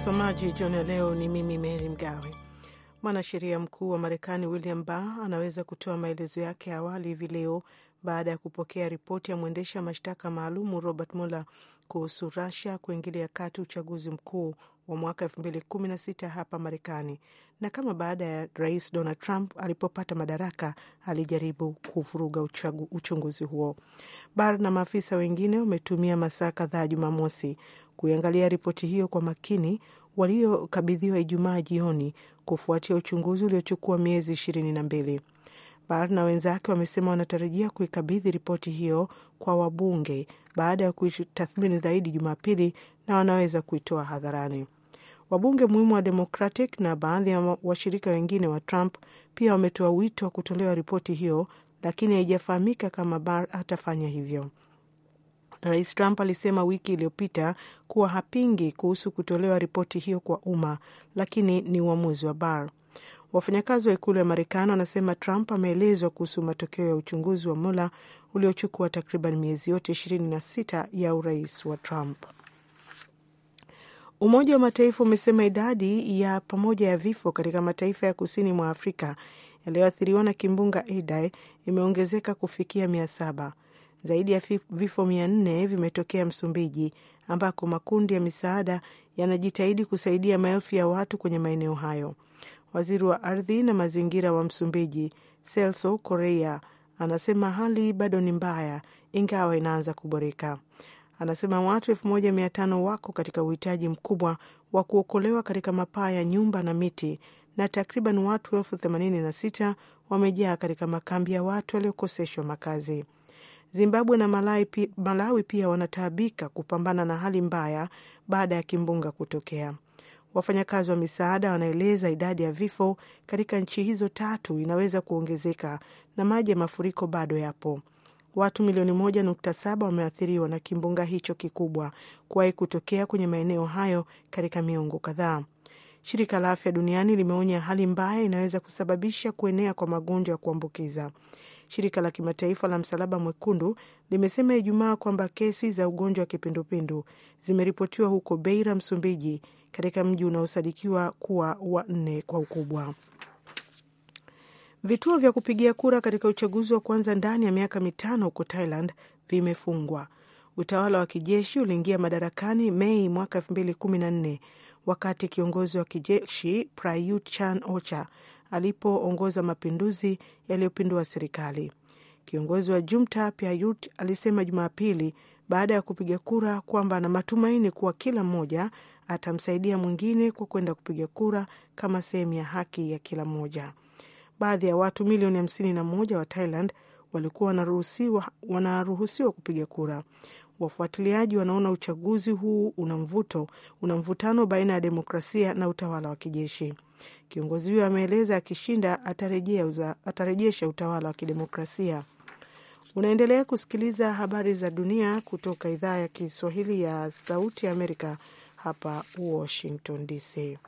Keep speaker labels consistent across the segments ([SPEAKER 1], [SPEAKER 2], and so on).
[SPEAKER 1] Msomaji jioni leo ni mimi mery Mgawe. Mwanasheria mkuu wa Marekani William Barr anaweza kutoa maelezo yake awali hivi leo baada ya kupokea ripoti ya mwendesha mashtaka maalumu Robert Mueller kuhusu rusia kuingilia kati uchaguzi mkuu wa mwaka sita hapa Marekani, na kama baada ya Rais Donald Trump alipopata madaraka alijaribu kuvuruga uchunguzi huo. Barr na maafisa wengine wametumia masaa kadhaa Jumamosi kuiangalia ripoti hiyo kwa makini waliokabidhiwa Ijumaa jioni kufuatia uchunguzi uliochukua miezi ishirini na mbili. bar na wenzake wamesema wanatarajia kuikabidhi ripoti hiyo kwa wabunge baada ya kuitathmini zaidi Jumapili na wanaweza kuitoa hadharani. Wabunge muhimu wa Democratic na baadhi ya washirika wengine wa Trump pia wametoa wito wa kutolewa ripoti hiyo, lakini haijafahamika kama bar atafanya hivyo. Rais Trump alisema wiki iliyopita kuwa hapingi kuhusu kutolewa ripoti hiyo kwa umma, lakini ni uamuzi wa Barr. Wafanyakazi wa ikulu ya Marekani wanasema Trump ameelezwa kuhusu matokeo ya uchunguzi wa Mueller uliochukua takriban miezi yote ishirini na sita ya urais wa Trump. Umoja wa Mataifa umesema idadi ya pamoja ya vifo katika mataifa ya kusini mwa Afrika yaliyoathiriwa na kimbunga Idai imeongezeka kufikia mia saba. Zaidi ya vifo mia nne vimetokea Msumbiji, ambako makundi ya misaada yanajitahidi kusaidia maelfu ya watu kwenye maeneo hayo. Waziri wa ardhi na mazingira wa Msumbiji, Celso Correia, anasema hali bado ni mbaya, ingawa inaanza kuboreka. Anasema watu elfu moja mia tano wako katika uhitaji mkubwa wa kuokolewa katika mapaa ya nyumba na miti na takriban watu elfu themanini na sita wamejaa katika makambi ya watu waliokoseshwa makazi. Zimbabwe na Malawi pia, Malawi pia wanataabika kupambana na hali mbaya baada ya kimbunga kutokea. Wafanyakazi wa misaada wanaeleza idadi ya vifo katika nchi hizo tatu inaweza kuongezeka na maji ya mafuriko bado yapo. Watu milioni moja wameathiriwa na kimbunga hicho kikubwa kuwahi kutokea kwenye maeneo hayo katika miongo kadhaa. Shirika la Afya Duniani limeonya hali mbaya inaweza kusababisha kuenea kwa magonjwa ya kuambukiza. Shirika la kimataifa la Msalaba Mwekundu limesema Ijumaa kwamba kesi za ugonjwa wa kipindupindu zimeripotiwa huko Beira, Msumbiji, katika mji unaosadikiwa kuwa wa nne kwa ukubwa. Vituo vya kupigia kura katika uchaguzi wa kwanza ndani ya miaka mitano huko Thailand vimefungwa. Utawala wa kijeshi uliingia madarakani Mei mwaka 2014 wakati kiongozi wa kijeshi Prayut Chan Ocha alipoongoza mapinduzi yaliyopindua serikali. Kiongozi wa Jumta Piayut alisema Jumapili baada ya kupiga kura kwamba ana matumaini kuwa kila mmoja atamsaidia mwingine kwa kwenda kupiga kura kama sehemu ya haki ya kila mmoja. Baadhi ya watu milioni hamsini na moja wa Thailand walikuwa wanaruhusiwa, wanaruhusiwa kupiga kura. Wafuatiliaji wanaona uchaguzi huu una mvuto, una mvutano baina ya demokrasia na utawala wa kijeshi. Kiongozi huyo ameeleza akishinda atarejesha utawala wa kidemokrasia. Unaendelea kusikiliza habari za dunia kutoka idhaa ya Kiswahili ya Sauti Amerika hapa Washington DC.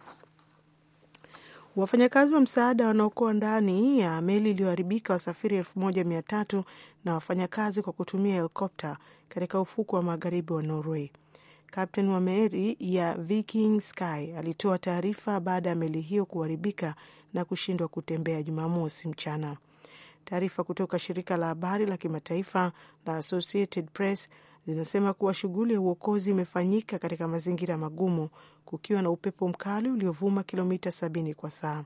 [SPEAKER 1] Wafanyakazi wa msaada wanaokoa ndani ya meli iliyoharibika wasafiri elfu moja mia tatu na wafanyakazi kwa kutumia helikopta katika ufuku wa magharibi wa Norway. Kapten wa meli ya Viking Sky alitoa taarifa baada ya meli hiyo kuharibika na kushindwa kutembea Jumamosi mchana. Taarifa kutoka shirika la habari la kimataifa la Associated Press zinasema kuwa shughuli ya uokozi imefanyika katika mazingira magumu, kukiwa na upepo mkali uliovuma kilomita sabini kwa saa.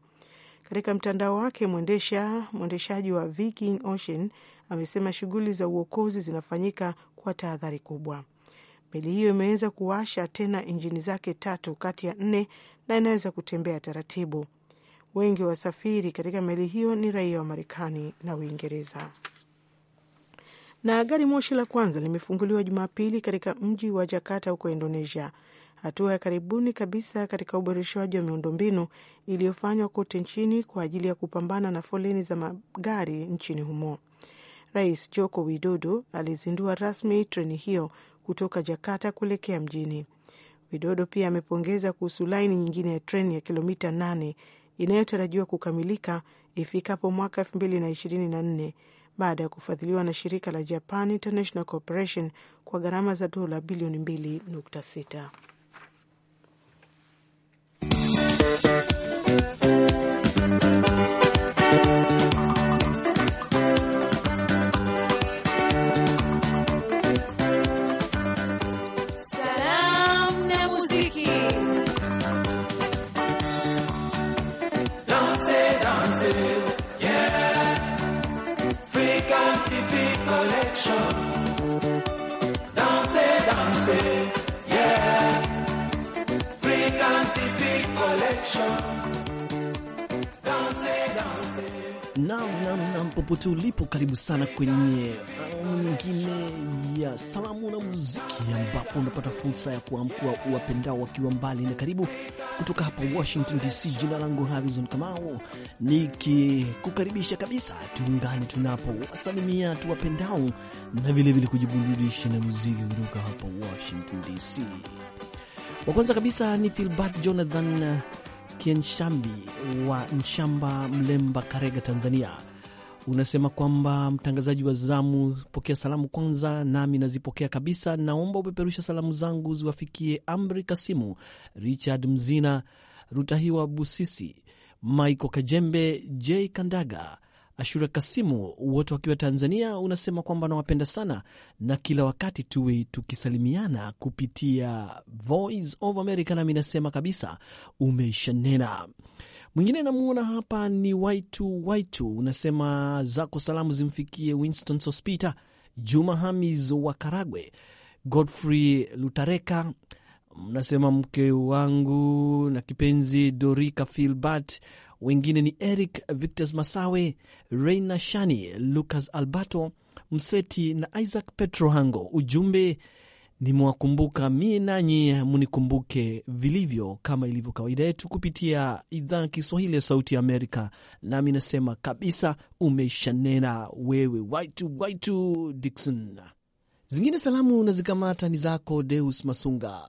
[SPEAKER 1] Katika mtandao wake, mwendesha mwendeshaji wa Viking Ocean amesema shughuli za uokozi zinafanyika kwa tahadhari kubwa meli hiyo imeweza kuwasha tena injini zake tatu kati ya nne na inaweza kutembea taratibu. Wengi wa wasafiri katika meli hiyo ni raia wa Marekani na Uingereza. Na gari moshi la kwanza limefunguliwa Jumapili katika mji wa Jakarta huko Indonesia, hatua ya karibuni kabisa katika uboreshaji wa miundombinu iliyofanywa kote nchini kwa ajili ya kupambana na foleni za magari nchini humo. Rais Joko Widodo alizindua rasmi treni hiyo kutoka Jakarta kuelekea mjini. Widodo pia amepongeza kuhusu laini nyingine ya treni ya kilomita 8 inayotarajiwa kukamilika ifikapo mwaka nne baada ya kufadhiliwa na shirika la Japan International Corporation kwa gharama za dola bilioni 2.6.
[SPEAKER 2] say, yeah.
[SPEAKER 3] nam naam, naam, popote ulipo, karibu sana kwenye uh, nyingine ya salamu na muziki, ambapo unapata fursa ya kuamkua uwapendao wakiwa mbali na karibu, kutoka hapa Washington DC. Jina langu Harrison Kamau, nikikukaribisha kabisa, tuungane tunapo wasalimia tuwapendao na vilevile kujiburudisha na muziki kutoka hapa Washington DC. Wa kwanza kabisa ni Filbert Jonathan Kienshambi wa Nshamba, Mlemba, Karega, Tanzania unasema kwamba mtangazaji wa zamu, pokea salamu kwanza, nami nazipokea kabisa. Naomba upeperusha salamu zangu ziwafikie Amri Kasimu, Richard Mzina, Rutahiwa Busisi, Maiko Kajembe, J Kandaga, Ashura Kasimu, wote wakiwa Tanzania. Unasema kwamba nawapenda sana na kila wakati tuwe tukisalimiana kupitia Voice of America, nami nasema kabisa, umeisha nena. Mwingine namuona hapa ni Waitu Waitu, unasema zako salamu zimfikie Winston Sospita, Juma Hamis wa Karagwe, Godfrey Lutareka, nasema mke wangu na kipenzi Dorika Filbert. Wengine ni Eric Victos Masawe, Reina Shani, Lucas Alberto Mseti na Isaac Petro Hango. Ujumbe nimewakumbuka mie nanyi munikumbuke vilivyo, kama ilivyo kawaida yetu kupitia idhaa ya Kiswahili ya Sauti ya Amerika. Nami nasema kabisa, umeshanena wewe, waitu waitu Dikson. Zingine salamu na zikamata ni zako Deus Masunga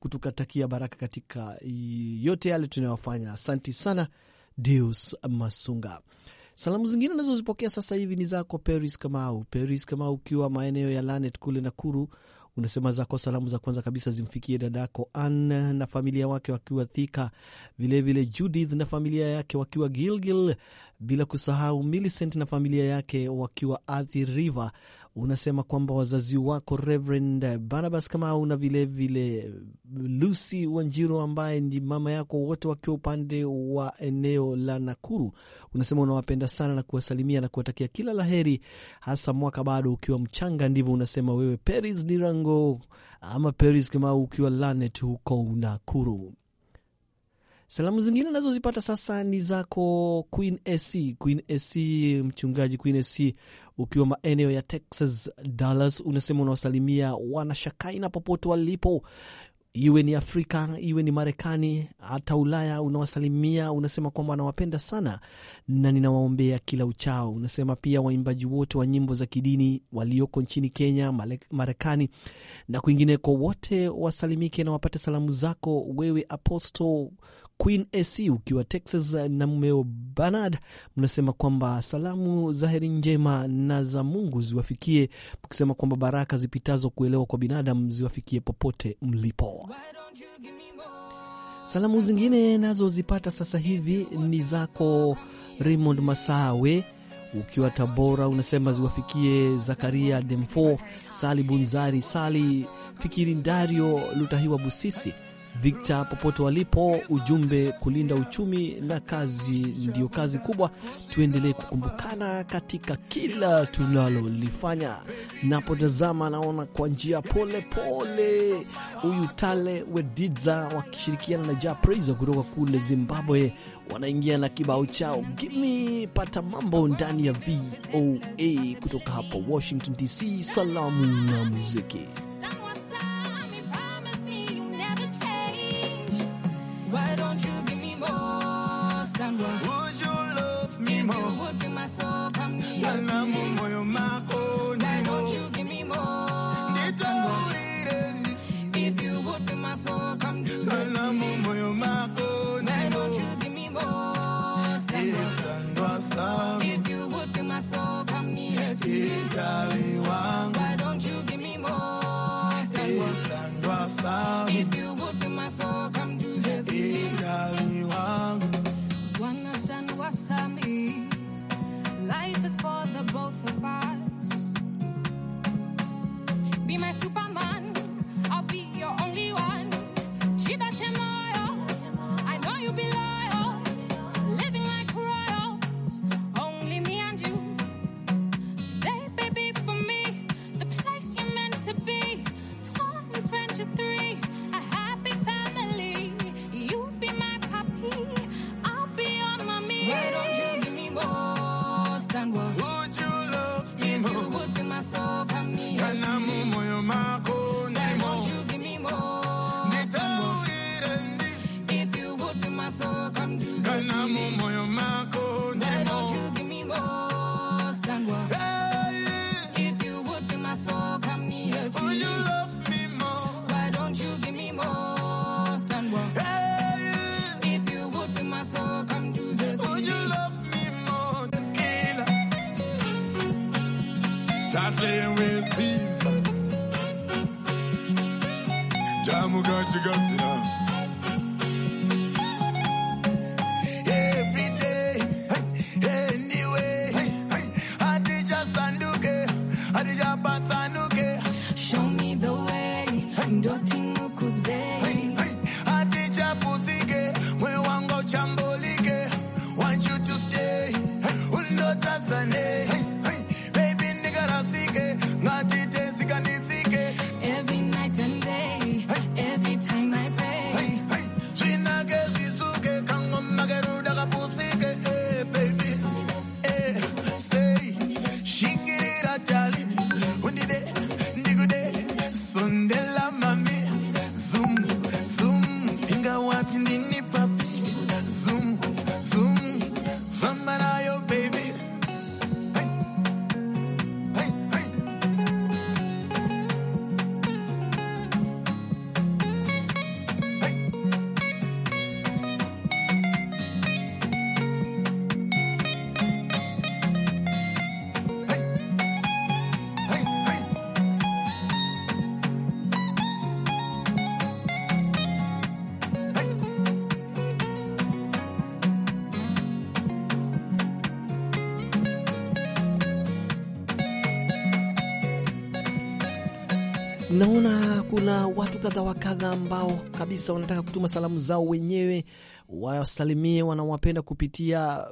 [SPEAKER 3] kutukatakia baraka katika yote yale tunayofanya. Asanti sana Deus Masunga. Salamu zingine nazozipokea sasa hivi ni zako Peris Kamau. Peris Kamau, ukiwa maeneo ya Lanet kule Nakuru, unasema zako salamu za kwanza kabisa zimfikie dadako Ann na familia wake wakiwa Thika, vilevile Judith na familia yake wakiwa Gilgil, bila kusahau Millicent na familia yake wakiwa Athi River unasema kwamba wazazi wako Reverend Barnabas Kamau na vilevile Lucy Wanjiru ambaye ndi mama yako, wote wakiwa upande wa eneo la Nakuru, unasema unawapenda sana na kuwasalimia na kuwatakia kila laheri, hasa mwaka bado ukiwa mchanga. Ndivyo unasema wewe Peris Nirango ama Peris Kamau ukiwa Lanet huko Nakuru. Salamu zingine nazozipata sasa ni zako Queen AC, Queen AC, mchungaji Queen AC, ukiwa maeneo ya Texas, Dallas, unasema unawasalimia wanashakaina popote walipo, iwe ni Afrika, iwe ni Marekani, hata Ulaya. Unawasalimia, unasema kwamba anawapenda sana na ninawaombea kila uchao. Unasema pia waimbaji wote wa nyimbo za kidini walioko nchini Kenya, Marekani na kwingineko, wote wasalimike na wapate salamu zako wewe Apostle Queen AC ukiwa Texas na mmeo Bernard, mnasema kwamba salamu za heri njema na za Mungu ziwafikie, mkisema kwamba baraka zipitazo kuelewa kwa binadamu ziwafikie popote mlipo. Salamu zingine nazozipata sasa hivi ni zako Raymond Masawe ukiwa Tabora, unasema ziwafikie Zakaria Demfo, Sali Bunzari, Sali Fikiri, Dario Lutahiwa Busisi Victor popote walipo, ujumbe kulinda uchumi na kazi ndiyo kazi kubwa. Tuendelee kukumbukana katika kila tunalolifanya. Napotazama naona kwa njia pole pole, huyu Tale wediza wakishirikiana na Ja Praiser kutoka kule Zimbabwe wanaingia na kibao chao gimi pata mambo ndani ya VOA kutoka hapa Washington DC. Salamu na muziki.
[SPEAKER 2] Nanamu
[SPEAKER 3] Naona kuna watu kadha wa kadha ambao kabisa wanataka kutuma salamu zao wenyewe wasalimie wanawapenda kupitia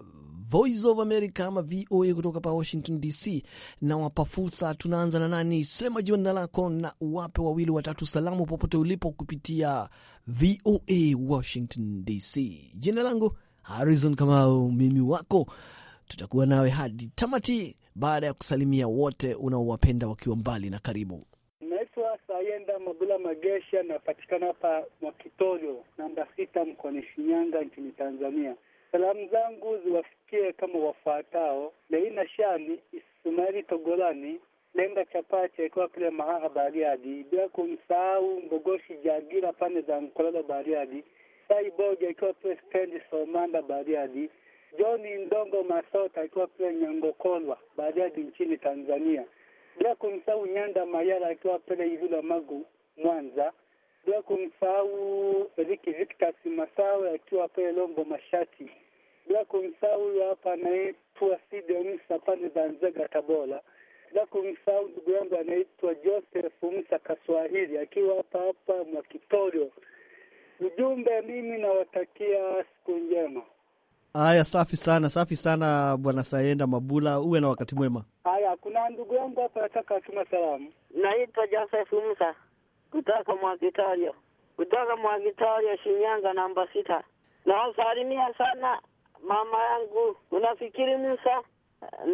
[SPEAKER 3] Voice of America ama VOA kutoka pa Washington DC, na wapa fursa. Tunaanza na nani? Sema jina lako na uwape wawili watatu salamu popote ulipo kupitia VOA Washington DC. Jina langu Harrison Kamau, mimi wako, tutakuwa nawe hadi tamati, baada ya kusalimia wote unaowapenda wakiwa mbali na karibu.
[SPEAKER 4] Mayenda Mabula Magesha, napatikana hapa Mwakitorio namba sita mkoani Shinyanga nchini Tanzania. Salamu zangu ziwafikie kama wafuatao: Leina Shani, Ismaili Togolani, Lenga Chapache akiwa pale Mahaha Bariadi, bila kumsahau Mbogoshi Jagira pande za Mkololo Bariadi, Sai Boja akiwa pale stendi Somanda Bariadi, Johni Ndongo Masota akiwa pale Nyangokolwa Bariadi nchini Tanzania bila kumsahau Nyanda Mayara akiwa pale Ivula Magu Mwanza, bila kumsahau Riki Victus Masawe akiwa pale Longo Mashati, bila kumsahau huyo hapa anaitwa Sidemsa pale nzega Tabora, bila kumsahau ndugu yangu anaitwa Joseph Musa Kaswahili akiwa hapa hapa Mwakitorio. Ujumbe, mimi nawatakia siku njema.
[SPEAKER 3] Haya, safi sana, safi sana Bwana Sayenda Mabula, uwe na wakati mwema.
[SPEAKER 5] Haya, kuna ndugu yangu hapa nataka atuma salamu. Naitwa Joseph Musa kutoka Mwakitario, kutoka mwakitorio Shinyanga, namba sita. Nawasalimia sana mama yangu unafikiri Musa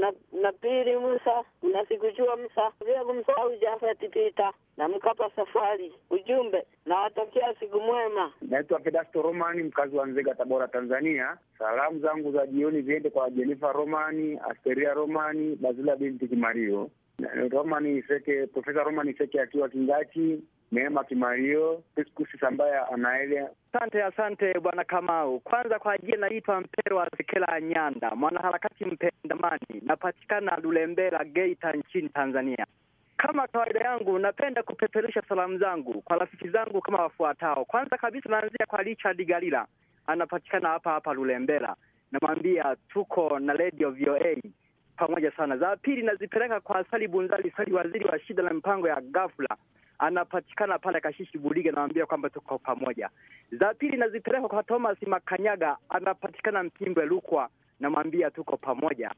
[SPEAKER 5] na, na pili Musa sikujua Musa vile kumsahau Jafati Pita na Mkapa Safari. Ujumbe nawatakia siku mwema.
[SPEAKER 4] Naitwa Pedasto Romani, mkazi wa Nzega, Tabora, Tanzania. Salamu zangu za jioni ziende kwa Jenifa Romani, Asteria Romani, Bazila binti Kimario, Romani Seke, Profesa Romani Seke akiwa Kingati Neema Kimario Priscus ambaye anaelea.
[SPEAKER 5] Asante, asante bwana Kamau. Kwanza kwa ajili, naitwa mpero wa Sekela Nyanda, mwanaharakati mpendamani, napatikana Lulembela, Geita nchini Tanzania. Kama kawaida yangu, napenda kupeperusha salamu zangu kwa rafiki zangu kama wafuatao. Kwanza kabisa, naanzia kwa Richard Galila, anapatikana hapa hapa Lulembela, namwambia tuko na Radio VOA pamoja sana. Za pili nazipeleka kwa Sali Bunzali Sali, waziri wa shida na mipango ya ghafla anapatikana pale Kashishi Bulige, namwambia kwamba tuko pamoja. Za pili nazipeleka kwa Thomas Makanyaga, anapatikana Mpimbwe Lukwa, namwambia tuko pamoja.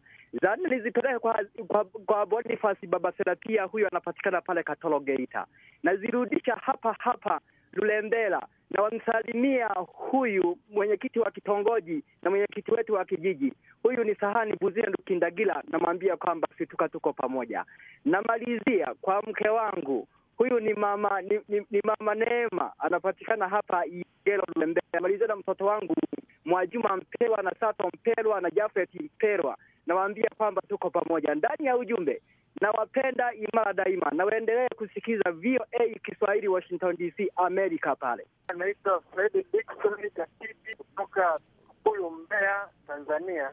[SPEAKER 5] Za nne nizipeleke kwa, kwa, kwa Bonifasi Baba Serapia, huyu anapatikana pale Katoro Geita. Nazirudisha hapa hapa Lulembela na wamsalimia huyu mwenyekiti wa kitongoji na mwenyekiti wetu wa kijiji. Huyu ni Sahani Buzia Ndukindagila, namwambia kwamba situka tuko pamoja. Namalizia kwa mke wangu Huyu ni mama ni, ni, ni mama Neema, anapatikana hapa Igelo Lembea. Amaliza na mtoto wangu Mwajuma Mpelwa na Sato Mpelwa na Jafet Mpelwa, nawaambia kwamba tuko pamoja ndani ya ujumbe. Nawapenda imara daima, nawaendelee kusikiza VOA Kiswahili, Washington DC, America. pale.
[SPEAKER 4] Anaitwa Fredi Dickson Katiti kutoka huyu Mbeya, Tanzania.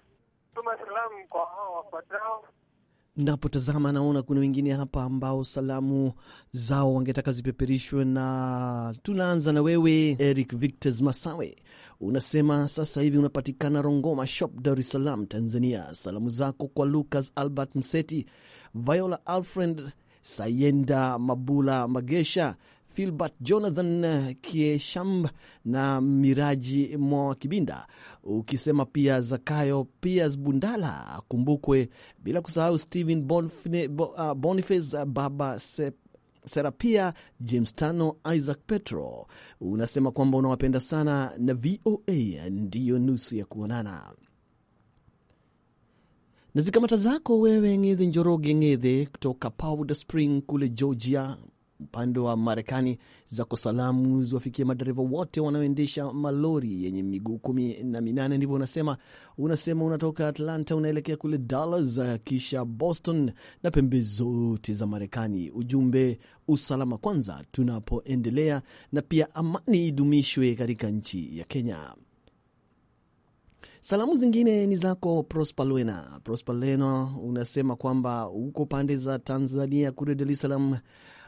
[SPEAKER 4] Tuma salamu kwa hao wafuatao
[SPEAKER 3] napotazama naona kuna wengine hapa ambao salamu zao wangetaka zipeperishwe, na tunaanza na wewe Eric Victos Masawe. Unasema sasa hivi unapatikana Rongoma Shop, Dar es Salaam, Tanzania. Salamu zako kwa Lucas Albert Mseti, Viola Alfred Sayenda Mabula Magesha Filbert Jonathan Kieshamb na Miraji Mwa Kibinda, ukisema pia Zakayo Pias Bundala akumbukwe, bila kusahau Stephen uh, Boniface, uh, Baba Sep Serapia James Tano, Isaac Petro. Unasema kwamba unawapenda sana na VOA ndiyo nusu ya kuonana na zikamata zako wewe Ng'edhe Njoroge Ng'edhe kutoka Powder Spring kule Georgia, upande wa Marekani zako salamu ziwafikie madereva wote wanaoendesha malori yenye miguu kumi na minane, ndivyo unasema. Unasema unatoka Atlanta unaelekea kule Dallas, kisha Boston na pembe zote za Marekani. Ujumbe usalama kwanza tunapoendelea, na pia amani idumishwe katika nchi ya Kenya. Salamu zingine ni zako Prospalwena. Prospalwena unasema kwamba huko pande za Tanzania kule Dar es Salaam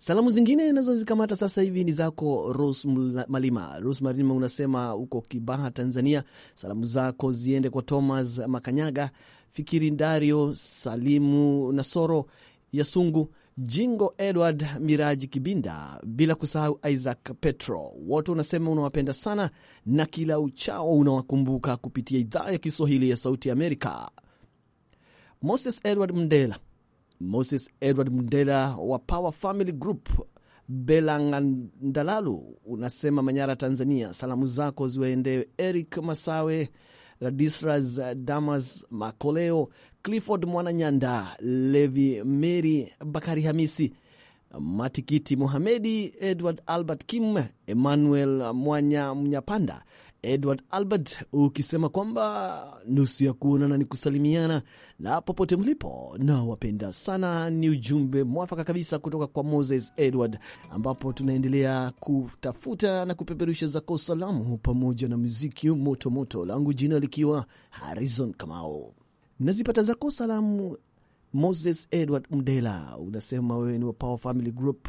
[SPEAKER 3] Salamu zingine nazozikamata sasa hivi ni zako Rose Malima. Rose Malima unasema uko Kibaha, Tanzania. Salamu zako ziende kwa Thomas Makanyaga, Fikiri Ndario, Salimu Nasoro, Yasungu Jingo, Edward Miraji Kibinda, bila kusahau Isaac Petro. Wote unasema unawapenda sana na kila uchao unawakumbuka kupitia idhaa ya Kiswahili ya Sauti ya Amerika. Moses Edward Mndela Moses Edward Mdela wa Power Family Group Belangandalalu unasema Manyara, Tanzania. Salamu zako ziwaendee Eric Masawe, Radisras Damas, Makoleo Clifford Mwananyanda, Levi Meri, Bakari Hamisi, Matikiti Mohamedi, Edward Albert Kim, Emmanuel Mwanya Mnyapanda Edward Albert ukisema kwamba nusu ya kuonana ni kusalimiana, na popote mlipo nawapenda sana. Ni ujumbe mwafaka kabisa kutoka kwa Moses Edward, ambapo tunaendelea kutafuta na kupeperusha zako salamu pamoja na muziki moto moto, langu jina likiwa Harrison Kamao. Nazipata zako salamu Moses Edward Mdela, unasema wewe ni wa Power Family Group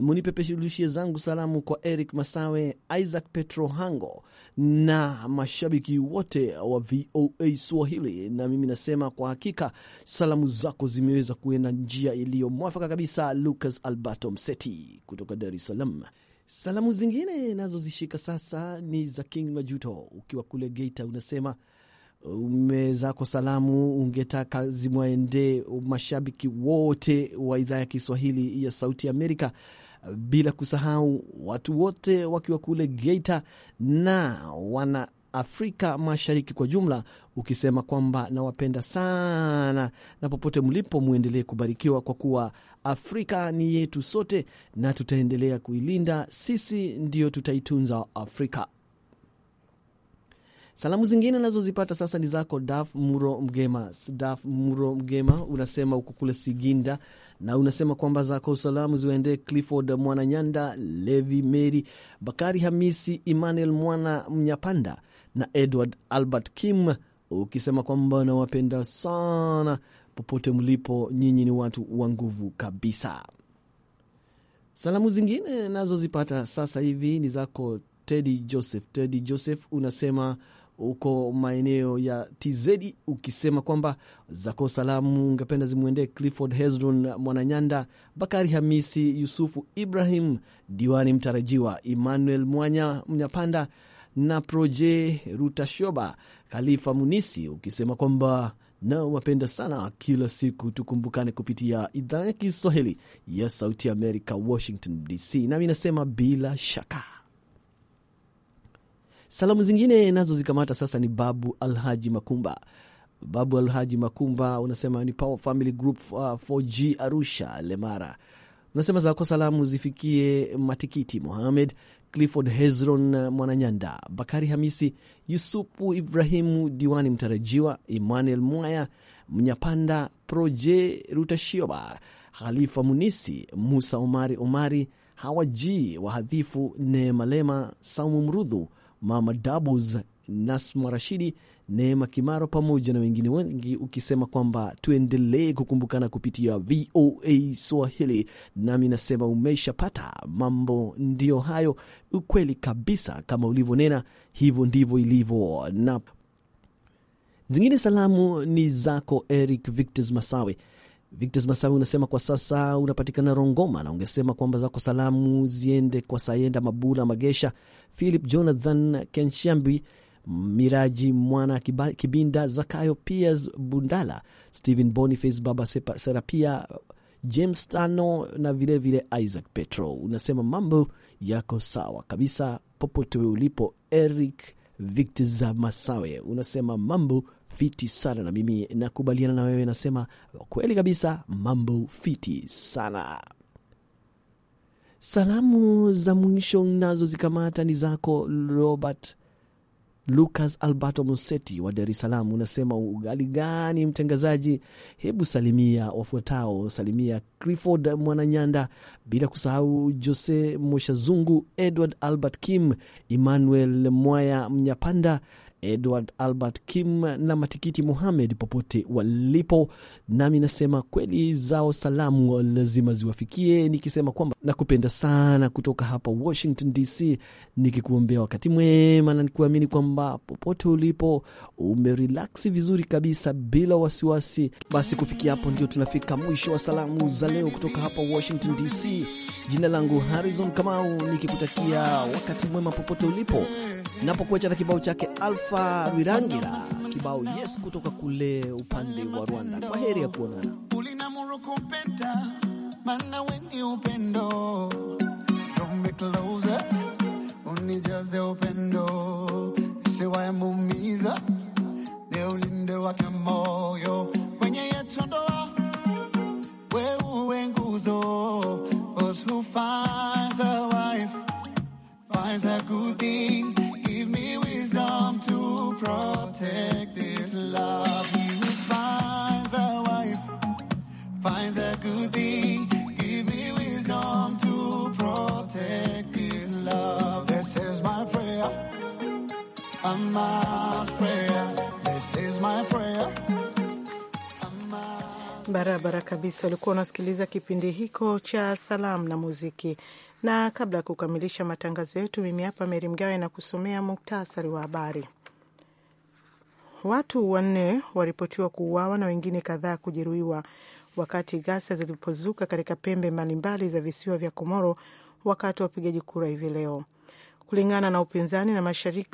[SPEAKER 3] munipepeshulishie zangu salamu kwa Eric Masawe, Isaac Petro Hango na mashabiki wote wa VOA Swahili. Na mimi nasema kwa hakika salamu zako zimeweza kuenda njia iliyomwafaka kabisa. Lucas Alberto Mseti kutoka Dar es Salaam. Salamu zingine nazozishika sasa ni za King Majuto, ukiwa kule Geita, unasema umezako salamu ungetaka zimwaendee mashabiki wote wa idhaa ya Kiswahili ya Sauti Amerika, bila kusahau watu wote wakiwa kule Geita na wana Afrika Mashariki kwa jumla, ukisema kwamba nawapenda sana na popote mlipo mwendelee kubarikiwa, kwa kuwa Afrika ni yetu sote na tutaendelea kuilinda. Sisi ndio tutaitunza Afrika. Salamu zingine nazozipata sasa ni zako Daf Muro Mgema. Daf Muro Mgema unasema uko kule Siginda na unasema kwamba zako salamu ziwaendee Clifford nyanda Levi Meri, Bakari Hamisi, Emmanuel Mwana Mnyapanda na Edward Albert Kim, ukisema kwamba nawapenda sana popote mlipo, nyinyi ni watu wa nguvu kabisa. Salamu zingine nazozipata sasa hivi ni zako Tedi Joseph. Tedi Joseph unasema huko maeneo ya TZ, ukisema kwamba zako salamu ungependa zimwendee Clifford Hezron Mwananyanda, Bakari Hamisi, Yusufu Ibrahim, diwani mtarajiwa Emmanuel Mwanya Mnyapanda na Proje Rutashoba, Khalifa Munisi, ukisema kwamba nao wapenda sana kila siku tukumbukane kupitia idhaa ya Kiswahili ya Sauti ya Amerika, Washington DC. Nami nasema bila shaka Salamu zingine nazo zikamata sasa ni Babu Alhaji Makumba. Babu Alhaji Makumba unasema ni Power Family Group 4G uh, Arusha Lemara. Unasema zako salamu zifikie Matikiti Mohamed, Clifford Hezron uh, Mwananyanda, Bakari Hamisi, yusupu Ibrahimu Diwani mtarajiwa, Emmanuel Mwaya Mnyapanda, Proje Rutashioba, Khalifa Munisi, Musa Omari Omari, Hawaji Wahadhifu, Neemalema, Saumu Mrudhu, Mama Dabus, Nasma Rashidi, Neema Kimaro pamoja na wengine wengi, ukisema kwamba tuendelee kukumbukana kupitia VOA Swahili. Nami nasema umeshapata mambo, ndiyo hayo. Ukweli kabisa, kama ulivyonena, hivyo ndivyo ilivyo. Na zingine salamu ni zako Eric Victos Masawe Victos Masawi unasema kwa sasa unapatikana Rongoma, na ungesema kwamba zako salamu ziende kwa Sayenda Mabula Magesha, Philip Jonathan Kenshambi, Miraji Mwana Kibinda, Zakayo Piers Bundala, Stephen Boniface, Baba Serapia, James Tano na vilevile vile Isaac Petro. Unasema mambo yako sawa kabisa popote ulipo. Eric Victos Masawe unasema mambo fiti sana, na mimi nakubaliana na wewe, nasema kweli kabisa, mambo fiti sana. Salamu za mwisho nazo zikamata ni zako Robert Lucas Alberto Museti wa Dar es Salaam, unasema ugali gani mtangazaji? Hebu salimia wafuatao, salimia Clifford Mwananyanda, bila kusahau Jose Moshazungu, Edward Albert Kim, Emmanuel Mwaya Mnyapanda, Edward Albert Kim na Matikiti muhamed popote walipo, nami nasema kweli zao salamu lazima ziwafikie, nikisema kwamba nakupenda sana kutoka hapa Washington DC, nikikuombea wakati mwema na nikuamini kwamba popote ulipo umerilaksi vizuri kabisa bila wasiwasi. Basi kufikia hapo ndio tunafika mwisho wa salamu za leo kutoka hapa Washington DC. Jina langu Harrison Kamau, nikikutakia wakati mwema popote ulipo, napokuacha na kibao chake Alf Christopher Wirangira kibao yes kutoka kule upande wa Rwanda. Kwa heri ya kuonana. Ulinamuru
[SPEAKER 4] kumpenda maana we ni upendo, jombe closer, unijaze upendo, siwaye muumiza,
[SPEAKER 2] ni ulinde wake moyo kwenye yetu ndoa, wewe nguzo Give me wisdom to protect this love. He who finds a wife finds a good thing. Give me wisdom to protect this love. This is my prayer. prayer. This is my prayer.
[SPEAKER 1] Barabara kabisa, ulikuwa unasikiliza kipindi hiko cha salamu na muziki na kabla ya kukamilisha matangazo yetu, mimi hapa Meri Mgawe na kusomea muktasari wa habari. Watu wanne waripotiwa kuuawa na wengine kadhaa kujeruhiwa wakati ghasia zilipozuka katika pembe mbalimbali za visiwa vya Komoro wakati wa upigaji kura hivi leo, kulingana na upinzani na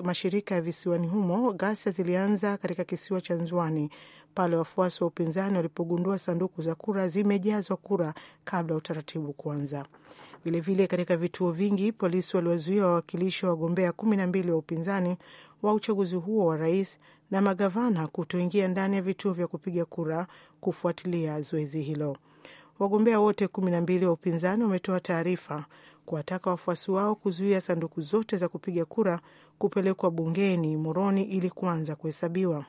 [SPEAKER 1] mashirika ya visiwani humo. Ghasia zilianza katika kisiwa cha Nzwani pale wafuasi wa upinzani walipogundua sanduku za kura zimejazwa kura kabla ya utaratibu kuanza. Vilevile, katika vituo vingi polisi waliwazuia wawakilishi wa wagombea kumi na mbili wa upinzani wa uchaguzi huo wa rais na magavana kutoingia ndani ya vituo vya kupiga kura kufuatilia zoezi hilo. Wagombea wote kumi na mbili wa upinzani wametoa taarifa kuwataka wafuasi wao kuzuia sanduku zote za kupiga kura kupelekwa bungeni Moroni ili kuanza kuhesabiwa.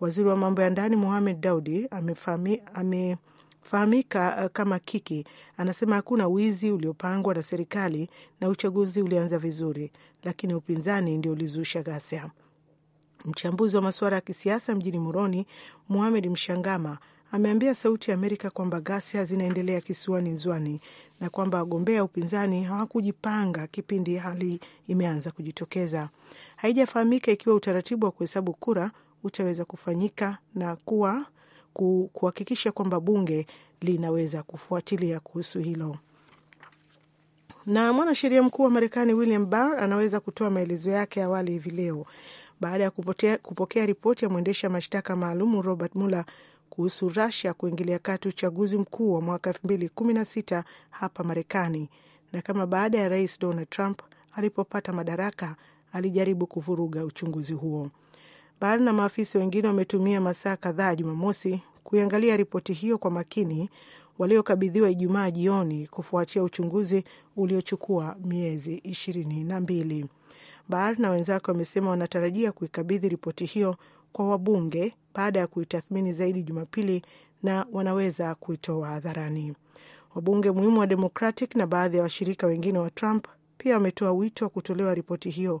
[SPEAKER 1] Waziri wa mambo ya ndani Mohamed Daudi amefahami, ame fahamika eh, kama Kiki anasema hakuna wizi uliopangwa na serikali na uchaguzi ulianza vizuri, lakini upinzani ndio ulizusha ghasia. Mchambuzi wa masuala ya kisiasa mjini Moroni, Muhamed Mshangama ameambia Sauti ya Amerika kwamba ghasia zinaendelea kisiwani Nzwani na kwamba wagombea upinzani hawakujipanga kipindi hali imeanza kujitokeza. Haijafahamika ikiwa utaratibu wa kuhesabu kura utaweza kufanyika na kuwa kuhakikisha kwamba bunge linaweza kufuatilia kuhusu hilo. Na mwanasheria mkuu wa Marekani William Barr anaweza kutoa maelezo yake awali hivi leo baada ya kupotea, kupokea ripoti ya mwendesha mashtaka maalum Robert Mueller kuhusu rusia kuingilia kati uchaguzi mkuu wa mwaka sita hapa Marekani, na kama baada ya Rais Donald Trump alipopata madaraka alijaribu kuvuruga uchunguzi huo. Baar na maafisa wengine wametumia masaa kadhaa Jumamosi kuiangalia ripoti hiyo kwa makini waliokabidhiwa Ijumaa jioni kufuatia uchunguzi uliochukua miezi ishirini na mbili. Baar na wenzake wamesema wanatarajia kuikabidhi ripoti hiyo kwa wabunge baada ya kuitathmini zaidi Jumapili na wanaweza kuitoa hadharani. Wabunge muhimu wa Democratic na baadhi ya washirika wengine wa Trump pia wametoa wito wa kutolewa ripoti hiyo